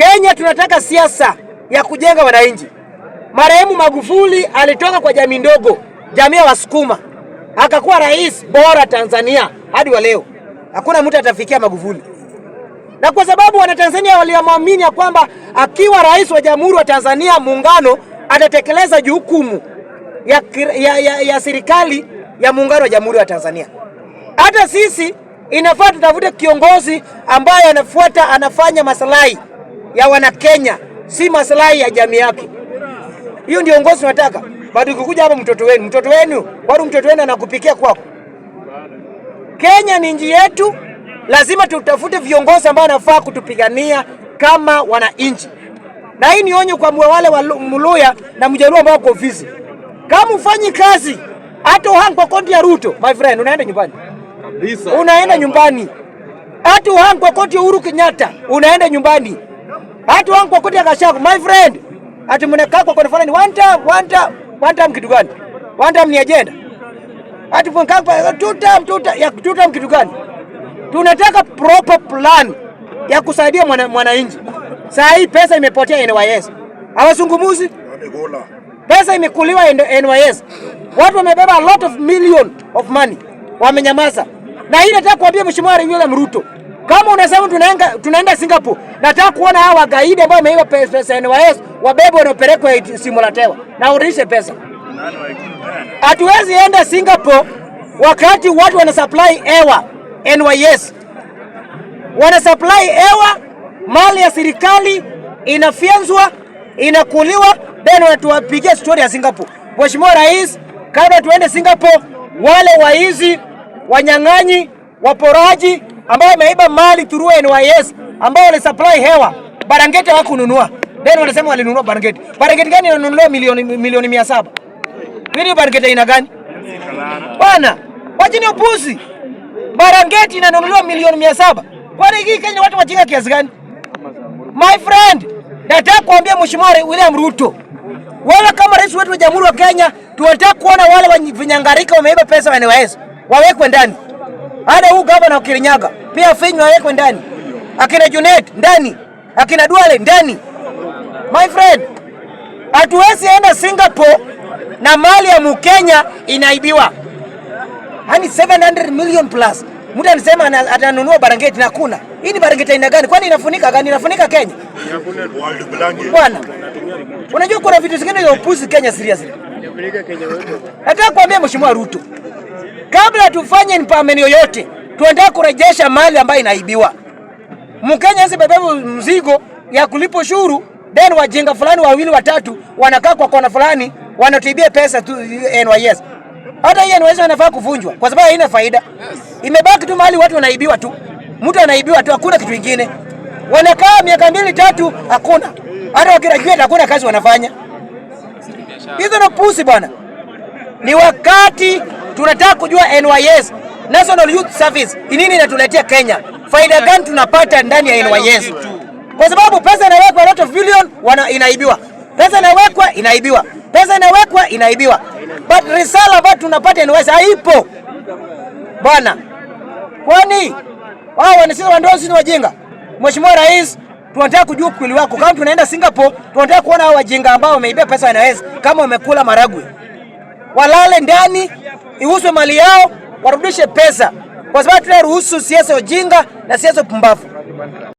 Kenya tunataka siasa ya kujenga wananchi. Marehemu Magufuli alitoka kwa jamii ndogo, jamii ya Wasukuma, akakuwa rais bora Tanzania hadi wa leo. Hakuna mtu atafikia Magufuli, na kwa sababu Wanatanzania waliamwamini ya kwamba akiwa rais wa jamhuri wa Tanzania muungano atatekeleza jukumu ya, ya, ya, ya serikali ya muungano wa jamhuri wa Tanzania. Hata sisi inafaa tutafute kiongozi ambaye anafuata anafanya maslahi ya Wanakenya, si maslahi ya jamii yake. Hiyo ndio uongozi tunataka. Bado ukikuja hapa, mtoto wenu mtoto wenu bado mtoto wenu anakupikia kwako. Kenya ni nchi yetu, lazima tutafute viongozi ambao wanafaa kutupigania kama wananchi, na hii ni onyo kwa wale wa Mluya na Mjaruo ambao wako ofisi. Kama ufanyi kazi hata uhang kwa koti ya Ruto, my friend, unaenda nyumbani kabisa, unaenda nyumbani. Hata uhang kwa koti ya Uhuru Kenyatta, unaenda nyumbani. Hatu wangu kwa ya kashaku. My friend. Hatu kakwa kwa nifalani, one time, one time, one time kitu gani? One time ni agenda. Hatu mune kakwa, two time, two time, ya two time kitu gani? Tunataka proper plan ya kusaidia inji. Saa hii pesa imepotea NYS. Hawazungumuzi? Pesa imekuliwa NYS. Watu wamebeba a lot of million of money. Wamenyamaza. Na hii nataka kuambia Mheshimiwa William Ruto. Kama unasema tunaenda tunaenda Singapore, nataka kuona hawa gaidi ambao wameiba pesa ya NYS wabebe wanapelekwa Simulatewa na urudishe pesa. Hatuwezi enda Singapore wakati watu wana supply ewa NYS, wana supply ewa, mali ya serikali inafyanzwa inakuliwa, then wanatuwapigia story ya Singapore. Mheshimiwa Rais, kabla tuende Singapore, wale waizi, wanyang'anyi, waporaji ambao wameiba mali through NYS ambao wale supply hewa Barangeti hawakununua. Then wanasema walinunua Barangeti. Barangeti gani inanunuliwa milioni milioni 700? Hiyo Barangeti aina gani? Bwana, wachini upuzi. Barangeti inanunuliwa milioni 700. Kwani hii Kenya watu wajinga kiasi gani? My friend, nataka kuambia Mheshimiwa William Ruto. Wewe kama rais wetu wa Jamhuri ya Kenya, tunataka kuona wale wanyangarika wameiba pesa wa NYS wawekwe ndani. Hata huu gavana wa Kirinyaga pia Finyu awekwe ndani, akina Junet ndani, akina Duale ndani. My friend, hatuwezi enda Singapore na mali ya Mkenya inaibiwa. Hani 700 million plus. Mtu anasema atanunua barangeti na kuna. Hii ni barangeti aina gani? Kwani inafunika gani? Inafunika Kenya. Bwana. Unajua kuna vitu zingine vya upuzi Kenya seriously. Nataka kuambia Mheshimiwa Ruto kabla tufanye impairment yoyote, tuendelee kurejesha mali ambayo inaibiwa. Mkenya sibebebu mzigo ya kulipa ushuru, then wajinga fulani wawili watatu wanakaa kwa kona fulani wanatuibia pesa tu eh, NYS. Hata hii NYS inafaa kuvunjwa kwa sababu haina faida. Imebaki tu mali watu wanaibiwa tu, mtu anaibiwa tu, hakuna kitu kingine. Wanakaa miaka mbili tatu, hakuna hata wakirajueta, hakuna kazi wanafanya. Hizo ni pusi bwana, ni wakati tunataka kujua NYS National Youth Service ni nini inatuletea Kenya, faida gani tunapata ndani ya NYS? Kwa sababu pesa inawekwa lot of billion wana inaibiwa, pesa inawekwa inaibiwa, pesa inawekwa inaibiwa, but risala ambayo tunapata NYS haipo bwana. Kwani wao wanasema wandoa sisi wajinga? Mheshimiwa Rais, tunataka kujua ukweli wako. Kama tunaenda Singapore, tunataka kuona hao wajinga ambao wameibia pesa NYS, kama wamekula maragwe walale ndani, iuzwe mali yao, warudishe pesa, kwa sababu tunaruhusu siasa ujinga na siasa pumbavu.